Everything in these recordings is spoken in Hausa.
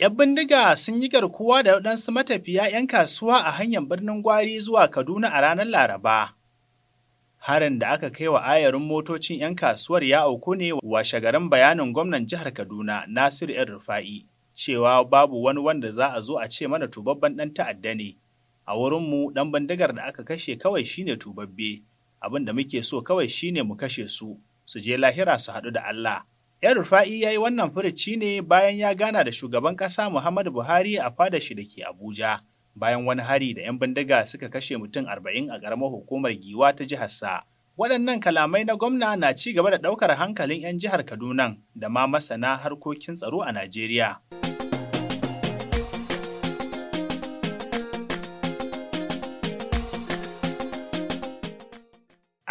‘Yan bindiga sun yi garkuwa da waɗansu matafiya ‘yan kasuwa a hanyar birnin Gwari zuwa Kaduna a ranar Laraba. Harin da aka kai wa ayarin motocin ‘yan kasuwar ya auku ne wa shagarin bayanin gwamnan jihar Kaduna Nasiru ‘yan Rufa'i, cewa babu wani wanda za a zo a ce mana tubabban ɗan ta'adda ne. A wurinmu ɗan bindigar da aka kashe kawai shine tubabbe, abin da muke so kawai shine mu kashe su, su je lahira su haɗu da Allah. yan rufai ya yi wannan furuci ne bayan ya gana da shugaban ƙasa Muhammadu Buhari a fada shi da ke Abuja, bayan wani hari da 'yan bindiga suka kashe mutum arba'in a ƙaramar hukumar Giwa ta jihar Sa. Waɗannan kalamai na gwamna na ci gaba da ɗaukar hankalin 'yan jihar Kaduna da ma masana harkokin tsaro a Najeriya.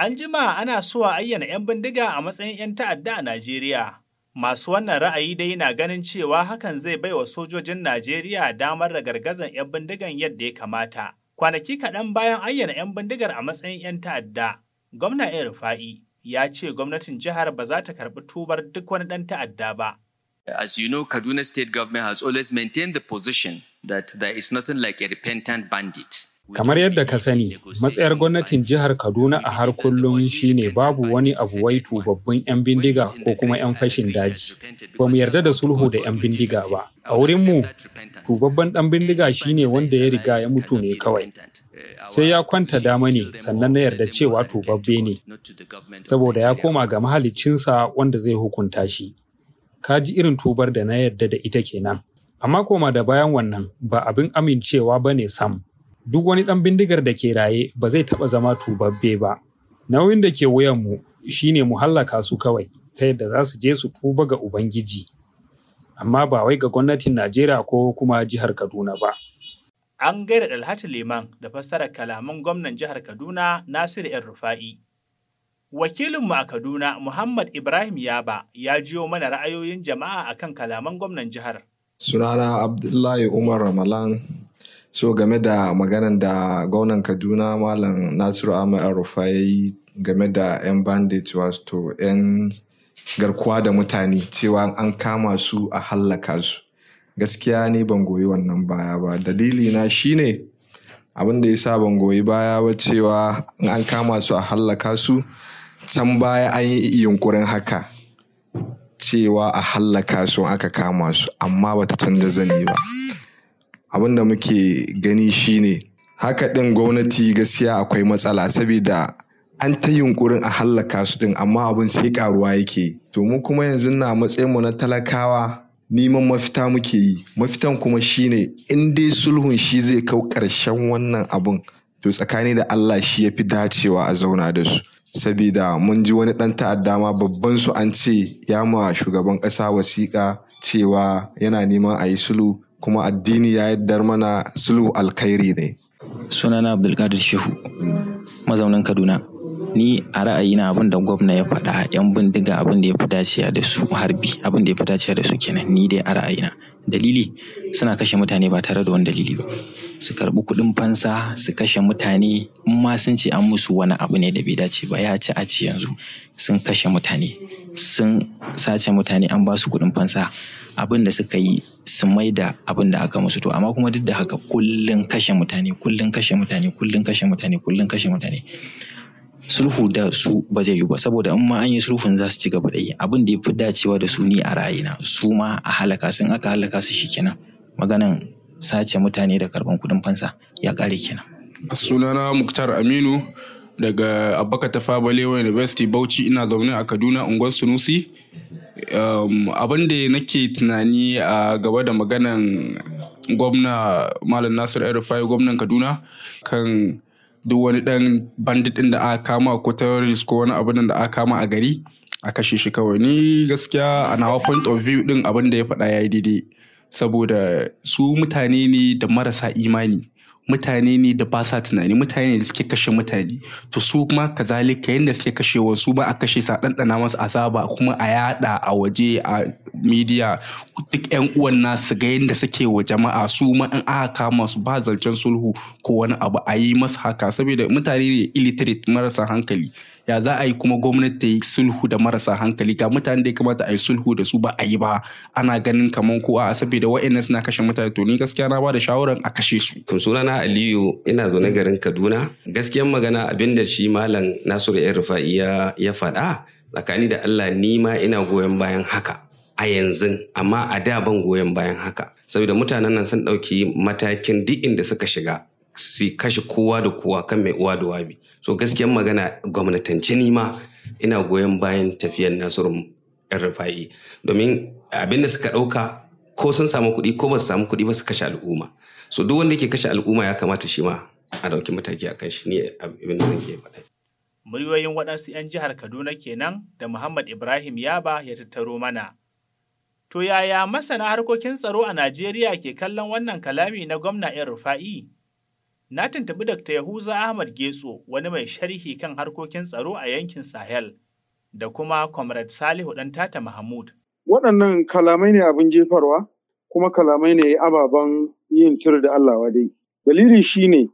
An jima ana so a ayyana 'yan bindiga a matsayin 'yan ta'adda a Najeriya. Masu wannan ra'ayi dai na ganin cewa hakan zai bai wa sojojin Najeriya damar da gargazan 'yan bindigan yadda ya kamata. Kwanaki kaɗan bayan ayyana 'yan bindigar a matsayin 'yan ta'adda, gwamna ‘yan rufa'i ya ce gwamnatin jihar ba za ta karɓi tubar duk wani ɗan ta'adda ba. As you know, Kaduna State government has always maintained the position that there is nothing like a repentant bandit. Kamar yadda ka sani, matsayar gwamnatin jihar Kaduna a har kullum shine babu wani abu wai tubabbun 'yan bindiga ko kuma 'yan fashin daji. Ba mu yarda da sulhu da 'yan bindiga ba. A wurinmu, babban ɗan bindiga shine wanda ya riga ya mutu ne kawai. Sai ya kwanta dama ne sannan na yarda cewa tubabbe ne, saboda ya koma ga mahaliccinsa wanda zai hukunta shi. Ka ji irin tubar da na yarda da ita kenan. Amma koma da bayan wannan ba abin amincewa ba ne sam. duk wani ɗan bindigar da ke raye ba zai taɓa zama tubabbe ba. Nauyin da ke wuyanmu shi ne mu hallaka su kawai ta yadda za su je su kuba ga Ubangiji. Amma ba wai ga gwamnatin Najeriya ko kuma jihar Kaduna ba. An gaira Dalhatu Liman da fassara kalaman gwamnan jihar Kaduna Nasir ‘yan Rufa'i. Wakilinmu a Kaduna Muhammad Ibrahim Yaba ya jiyo mana ra'ayoyin jama'a akan kalaman gwamnan jihar. Sunana Abdullahi Umar Ramalan so game da maganan da gwamnan kaduna malam nasiru ahmed arufa ya yi game da 'yan bandage wato 'yan garkuwa da mutane cewa an kama su a hallaka su gaskiya ne ban goyi wannan baya ba dalili na shine abin da ya sa ban goyi baya ba cewa an kama su a hallaka su can baya an yi yunkurin haka cewa a hallaka su aka kama su amma bata canza zani ba abin da muke gani shine haka ɗin gwamnati gaskiya akwai matsala saboda an ta yunkurin a hallaka su ɗin amma abin sai karuwa yake to mu kuma yanzu na mu na talakawa neman mafita muke yi mafitan kuma shine in dai sulhun shi zai kau karshen wannan abin to tsakani da Allah shi ya fi dacewa a zauna da su saboda mun ji wani ɗan ta'adda ma babban su an ce ya ma shugaban ƙasa wasiƙa cewa yana neman a yi sulhu kuma addini ya yaddar mana sulhu alkhairi ne sunana abdulkadir shehu mazaunin kaduna Ni a ra'ayi na abin da gwamna ya faɗa 'yan bindiga abin da ya fi dacewa da su harbi abin da ya fi dacewa da su kenan ni dai a ra'ayina. Dalili suna kashe mutane ba tare da wani dalili ba. Su karbi kuɗin fansa su kashe mutane in ma sun ce an musu wani abu ne da bai dace ba ya ci a ci yanzu. Sun kashe mutane, sun sace mutane an ba su kuɗin fansa. Abin da suka yi su maida abin da aka musu to amma kuma duk da haka kullun kashe mutane, kullun kashe mutane, kullun kashe mutane, kullun kashe mutane. sulhu da su ba zai yi ba saboda in ma an yi sulhun za su ci gaba da yi abin da ya fi dacewa da su ni a ra'ayina su ma a halaka sun aka halaka su kenan maganan sace mutane da karban kudin fansa ya kare kenan. sunana muktar aminu daga abaka ta balewa university bauchi ina zaune a kaduna unguwar sunusi um, abin da nake tunani a gaba da maganan gwamna malam nasir el gwamnan kaduna kan duk wani ɗan bandit ɗin da aka kama ko terrorist ko wani abin da aka kama a gari a kashe shi kawai ni gaskiya a nawa point of view ɗin abin da ya faɗa ya yi daidai saboda su mutane ne da marasa imani mutane ne da ba sa tunani mutane ne da suke kashe mutane to su kuma kazalika yadda suke kashewa su ba a kashe sa ɗanɗana masu azaba kuma a yada a waje a media duk yan uwan nasu ga yadda suke wa jama'a su ma in aka kama su ba zancen sulhu ko wani abu a yi masu haka saboda mutane ne illiterate marasa hankali ya za a yi kuma gwamnati ta yi sulhu da marasa hankali ga mutane da ya kamata a yi sulhu da su ba a yi ba ana ganin kamar ko a saboda wa'annan suna kashe mutane to ni gaskiya na ba da shawaran a kashe su. sunana Aliyu ina zaune garin Kaduna. Gaskiyan magana abin da shi Malam Nasiru ‘yan Rufa'i ya faɗa tsakani da Allah ni ma ina goyon bayan haka a yanzu amma a da ban goyon bayan haka. Saboda mutanen nan sun ɗauki matakin duk inda suka shiga su kashe kowa da kowa kan mai uwa da wabi. So gaskiyan magana gwamnatance ni ma ina goyon bayan tafiyar Nasiru ‘yan Rufa'i domin abin da suka ɗauka ko sun samu kuɗi ko ba su samu kuɗi ba su kashe al'umma. so duk wanda ke kashe al'umma ya kamata shi ma a dauki mataki a kan shi ne abin da nake faɗa. Muryoyin waɗansu 'yan jihar Kaduna kenan da Muhammad Ibrahim Yaba ya tattaro mana. To yaya masana harkokin tsaro a Najeriya ke kallon wannan kalami na gwamna 'yan rufa'i? Na tuntubi Dr. Yahuza Ahmad Getso wani mai sharhi kan harkokin tsaro a yankin Sahel da kuma Comrade Salihu ɗan Tata Mahmud. Waɗannan kalamai ne abin jefarwa, kuma kalamai ne ababen yin tur da Allah wadai. Dalili shi ne,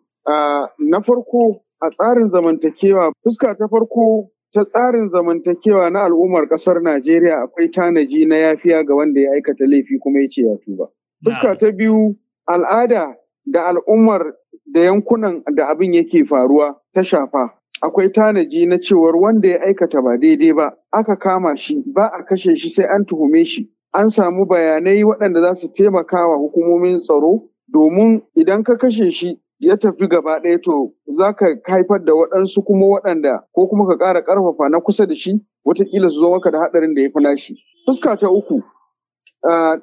na farko a tsarin zamantakewa, fuska ta farko ta tsarin zamantakewa na al'ummar ƙasar Najeriya akwai tanaji na yafiya ga wanda ya aikata laifi kuma ya ce ya tuba. Fuska ta biyu, al'ada da al'ummar da yankunan da abin yake faruwa ta shafa. Akwai tanaji na cewar wanda ya aikata ba daidai ba, aka kama shi, ba a kashe shi sai an tuhume shi. an samu bayanai waɗanda za su taimaka wa hukumomin tsaro domin idan ka kashe shi ya tafi gaba ɗaya to za ka haifar da waɗansu kuma waɗanda ko kuma ka ƙara ƙarfafa na kusa da shi watakila su zo maka da haɗarin da ya fi nashi. Fuska ta uku,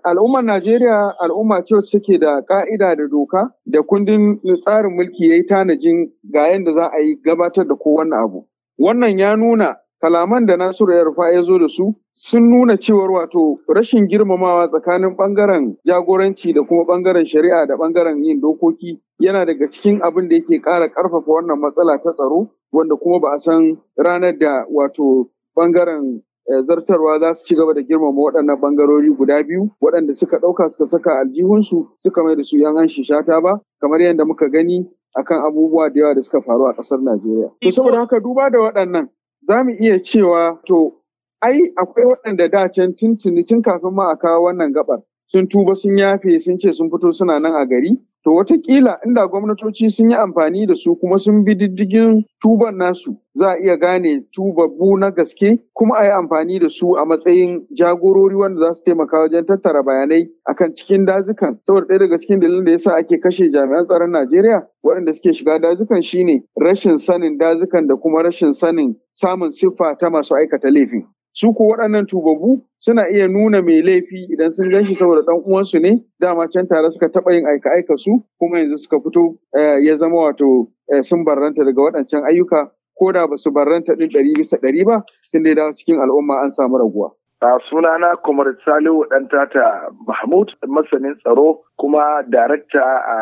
al'ummar Najeriya al'umma ce wacce take da ƙa'ida da doka da kundin tsarin mulki ya yi tanajin ga yadda za a yi gabatar da wannan abu. Wannan ya nuna kalaman da Nasiru ya rufa ya zo da su sun nuna cewar wato rashin girmamawa tsakanin bangaren jagoranci da kuma bangaren shari'a da bangaren yin dokoki yana daga cikin abin da yake ƙara ƙarfafa wannan matsala ta tsaro wanda kuma ba a san ranar da wato bangaren eh, zartarwa za su ci gaba da girmama waɗannan bangarori guda biyu waɗanda suka ɗauka suka saka aljihunsu suka mai da su yan an shata ba kamar yadda muka gani akan abubuwa da yawa da suka faru a ƙasar Najeriya. To saboda haka duba da waɗannan za mu iya cewa to ai akwai waɗanda da can tuntuni tun kafin ma a kawo wannan gabar sun tuba sun yafe sun ce sun fito suna nan a gari to watakila inda gwamnatoci sun yi amfani da su kuma sun bi diddigin tuban nasu za a iya gane tubabbu na gaske kuma a yi amfani da su a matsayin jagorori wanda za su taimaka wajen tattara bayanai akan cikin dazukan saboda ɗaya daga cikin dalilin da yasa ake kashe jami'an tsaron Najeriya waɗanda suke shiga dazukan shine rashin sanin dazukan da kuma rashin sanin samun siffa ta masu aikata laifin su ko waɗannan tubabu suna iya nuna mai laifi idan sun gan shi saboda ɗan uwansu ne dama can tare suka taɓa yin aika aika su kuma yanzu suka fito eh, ya zama wato eh, sun barranta daga waɗancan ayyuka ko da ba su barranta ɗin ɗari bisa ɗari ba sun dai dawo cikin al'umma an samu raguwa. A sunana Kumar Salihu ɗan tata Mahmud masanin tsaro kuma darakta a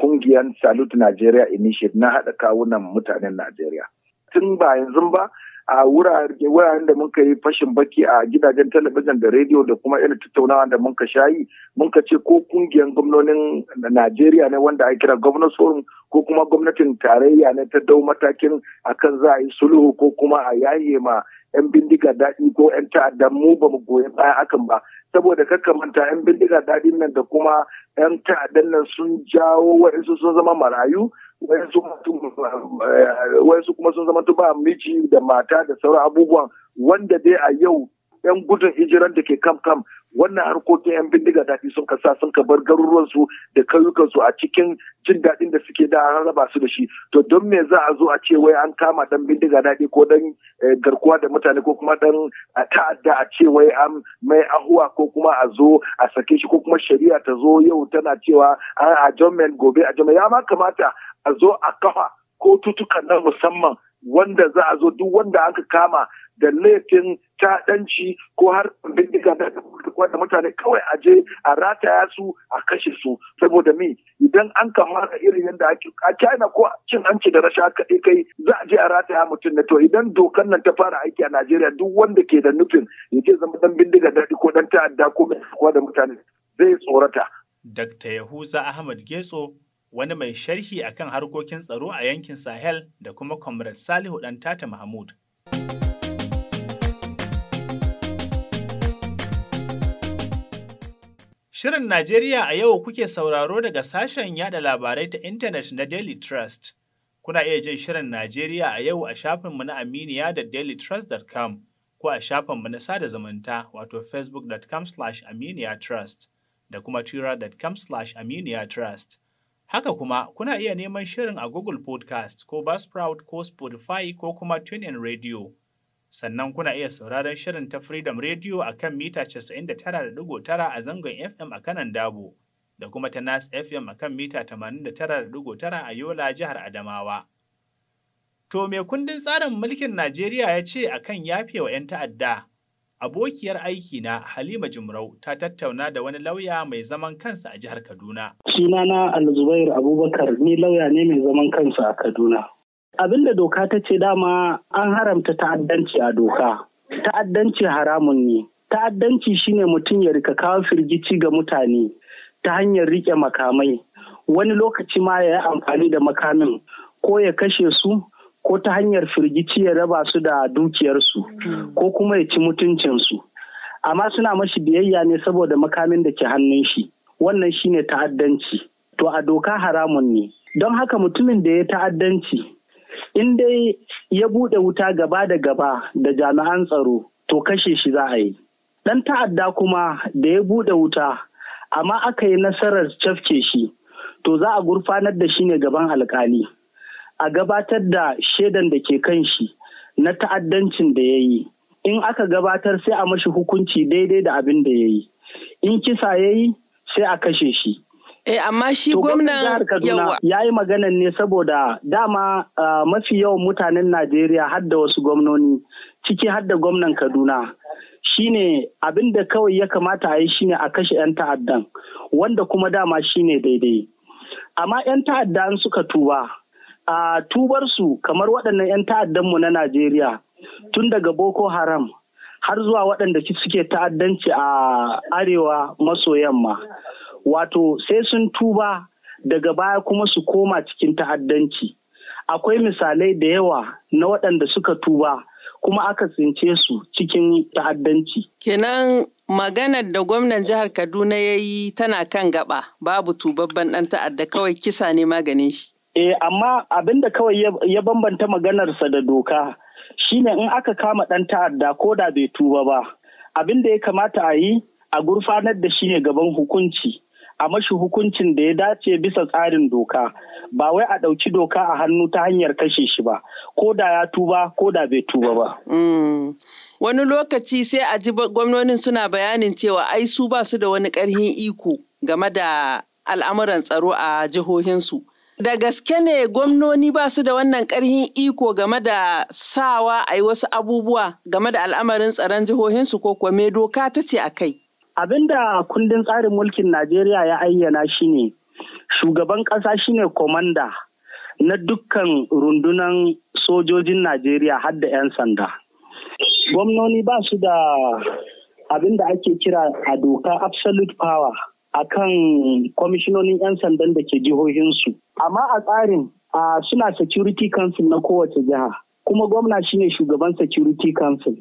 kungiyar salut Nigeria Initiative na haɗa kawunan mutanen Najeriya. Tun ba yanzu ba a wuraren da muka yi fashin baki a gidajen talabijin da rediyo da kuma irin tattaunawa da muka shayi muka ce ko kungiyar gwamnonin najeriya ne wanda a kira gwamnat forum ko kuma gwamnatin tarayya ne ta dau matakin akan za a yi sulhu ko kuma a yaye ma 'yan bindiga daɗi ko 'yan ta'adda mu ba mu goyi baya akan ba saboda manta 'yan bindiga daɗin nan da kuma 'yan ta'addan nan sun jawo waɗansu sun zama marayu Eh, wayansu kuma sun zama ba miji da mata da sauran abubuwan wanda dai a yau yan gudun hijiran da ke kam kam wannan harkokin yan bindiga daɗi sun kasa sun ka bar garuruwansu da kayukansu a cikin jin daɗin da suke da an raba su da shi to don me za a zo a ce wai an kama dan bindiga daɗi ko dan eh, garkuwa da mutane ko kuma dan ta'adda a ce wai an mai ahuwa ko kuma a zo a sake shi ko kuma shari'a ta zo yau tana cewa an ah, adjournment gobe adjournment ya ma kamata a zo a kafa kotutukan na musamman wanda za a zo duk wanda aka kama da laifin taɗanci ko har bindiga da wanda mutane kawai a je a rataya su a kashe su saboda mi idan an kama irin yadda ake a china ko cin hanci da rasha kaɗai kai za a je a rataya mutum na to idan dokan nan ta fara aiki a najeriya duk wanda ke da nufin ya ke zama dan bindiga daɗi ko dan ta'adda ko mai da mutane zai tsorata. Dr. Yahuza Ahmad Getso wani mai sharhi a kan harkokin tsaro a yankin Sahel da kuma Comrade Salihu ɗan Tata Mahmud. Shirin Najeriya a yau kuke sauraro daga sashen yada labarai ta intanet na Daily Trust. Kuna iya jin Shirin Najeriya a yau a shafinmu na Aminiya da dailytrust.com ko a shafinmu na sada zumunta wato facebook.com/aminiya trust da kuma twitter.com/aminiya trust. Haka kuma kuna iya neman shirin a Google Podcast ko Buzzsprout ko Spotify ko kuma TuneIn Radio. Sannan kuna iya sauraron shirin ta Freedom Radio a kan mita 99.9 a zangon FM a kanan Dabo da kuma ta Nas FM a kan mita 89.9 a Yola jihar Adamawa. To me kundin tsarin mulkin Najeriya ya ce a akan wa 'yan ta'adda? Abokiyar aiki na Halima Jumrau ta tattauna da wani lauya mai zaman kansa a jihar Kaduna. Sunana Alzubair Abubakar ni lauya ne mai zaman kansa a Kaduna. Abin da doka ta ce dama an haramta ta'addanci a doka. Ta'addanci haramun ne. Ta'addanci shine mutum ya rika kawo firgici ga mutane ta hanyar riƙe makamai. Wani lokaci ma ya amfani da makamin ko ya kashe su ko ta hanyar firgici ya raba su da dukiyarsu hmm. ko kuma ya ci mutuncinsu amma suna mashi biyayya ne saboda makamin da ke hannun shi wannan shi ne ta'addanci to a doka haramun ne don haka mutumin da ya ta'addanci in dai ya buɗe wuta gaba da gaba da jami'an tsaro to kashe shi za a yi ɗan ta'adda kuma da ya buɗe wuta amma aka yi nasarar cafke shi to za a gurfanar da shi ne gaban alkali. a gabatar da shaidan da ke kan shi na ta'addancin da ya yi in aka gabatar sai a mashi hukunci daidai da abin da ya yi in kisa ya yi sai a kashe shi Eh, amma shi gwamnan yawa. Ya yi maganan ne saboda dama uh, mafi yawan mutanen Najeriya har da wasu gwamnoni ciki har da gwamnan Kaduna. Shine abin da kawai ya kamata a yi shine a kashe 'yan ta'addan wanda kuma dama shine daidai. Amma 'yan ta'addan suka tuba a tubarsu kamar waɗannan 'yan ta'addanmu na Najeriya tun daga Boko Haram har zuwa waɗanda suke ta'addanci a arewa maso yamma. Wato sai sun tuba daga baya kuma su koma cikin ta'addanci. Akwai misalai da yawa na waɗanda suka tuba kuma aka tsince su cikin ta'addanci. Kenan maganar da gwamnan jihar Kaduna ya yi tana kan gaba babu tubabban ɗan ta'adda kawai kisa ne maganin shi. Eh, amma abin da kawai ya bambanta maganarsa da doka shine in aka kama ɗan ta'adda ko da bai tuba ba, abin da ya kamata a yi a gurfanar da shi ne gaban hukunci, a mashi hukuncin da ya dace bisa tsarin doka, ba wai a ɗauki doka a hannu ta hanyar kashe shi ba, ko da ya tuba ko da bai tuba ba. Mm. Wani lokaci sai a ji gwamnonin suna bayanin cewa ai su ba su da wani ƙarhin iko game da al'amuran tsaro a jihohinsu. da gaske ne gwamnoni ba su da wannan ƙarhin iko game da sawa a yi wasu abubuwa game da al'amarin tsaron jihohinsu ko kuwa mai doka ta ce a kai? Abin da kundin tsarin mulkin Najeriya ya ayyana shi ne, shugaban ƙasa shi ne komanda na dukkan rundunan sojojin Najeriya har da 'yan sanda. Gwamnoni ba su da abin da ake kira a doka absolute power. akan kwamishinonin 'yan sandan da ke jihohinsu. Amma a tsarin suna security council na kowace jiha, kuma gwamna shine shugaban security council.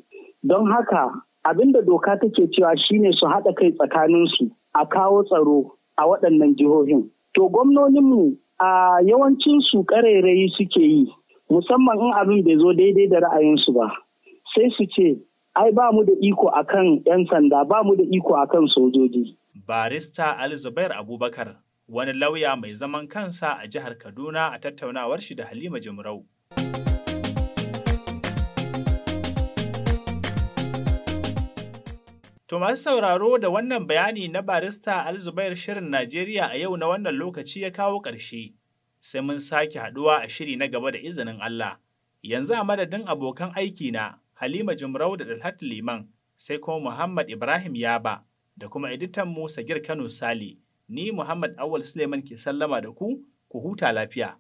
Don haka abinda da doka take cewa shine su haɗa kai tsakaninsu a kawo tsaro a waɗannan jihohin. To gwamnoninmu a yawancinsu ƙarairayi suke yi, musamman in abin bai zo daidai da ra'ayinsu ba. Sai su ce, ai ba mu da iko akan 'yan sanda ba mu da iko akan sojoji. Barista Ali Abubakar wani lauya mai zaman kansa a jihar Kaduna a tattaunawar shi da Halima Jimrau. To masu sauraro da wannan bayani na barista Alzubair Shirin Najeriya a yau na wannan lokaci ya kawo ƙarshe, sai mun sake haɗuwa a shiri na gaba da izinin Allah. Yanzu a madadin abokan aiki na Halima Jumrau da Dalhat Liman, sai kuma Muhammad Ibrahim Yaba da kuma editan Musa gir Kano Sale. Ni Muhammad Awal Suleiman ke sallama da ku, ku huta lafiya.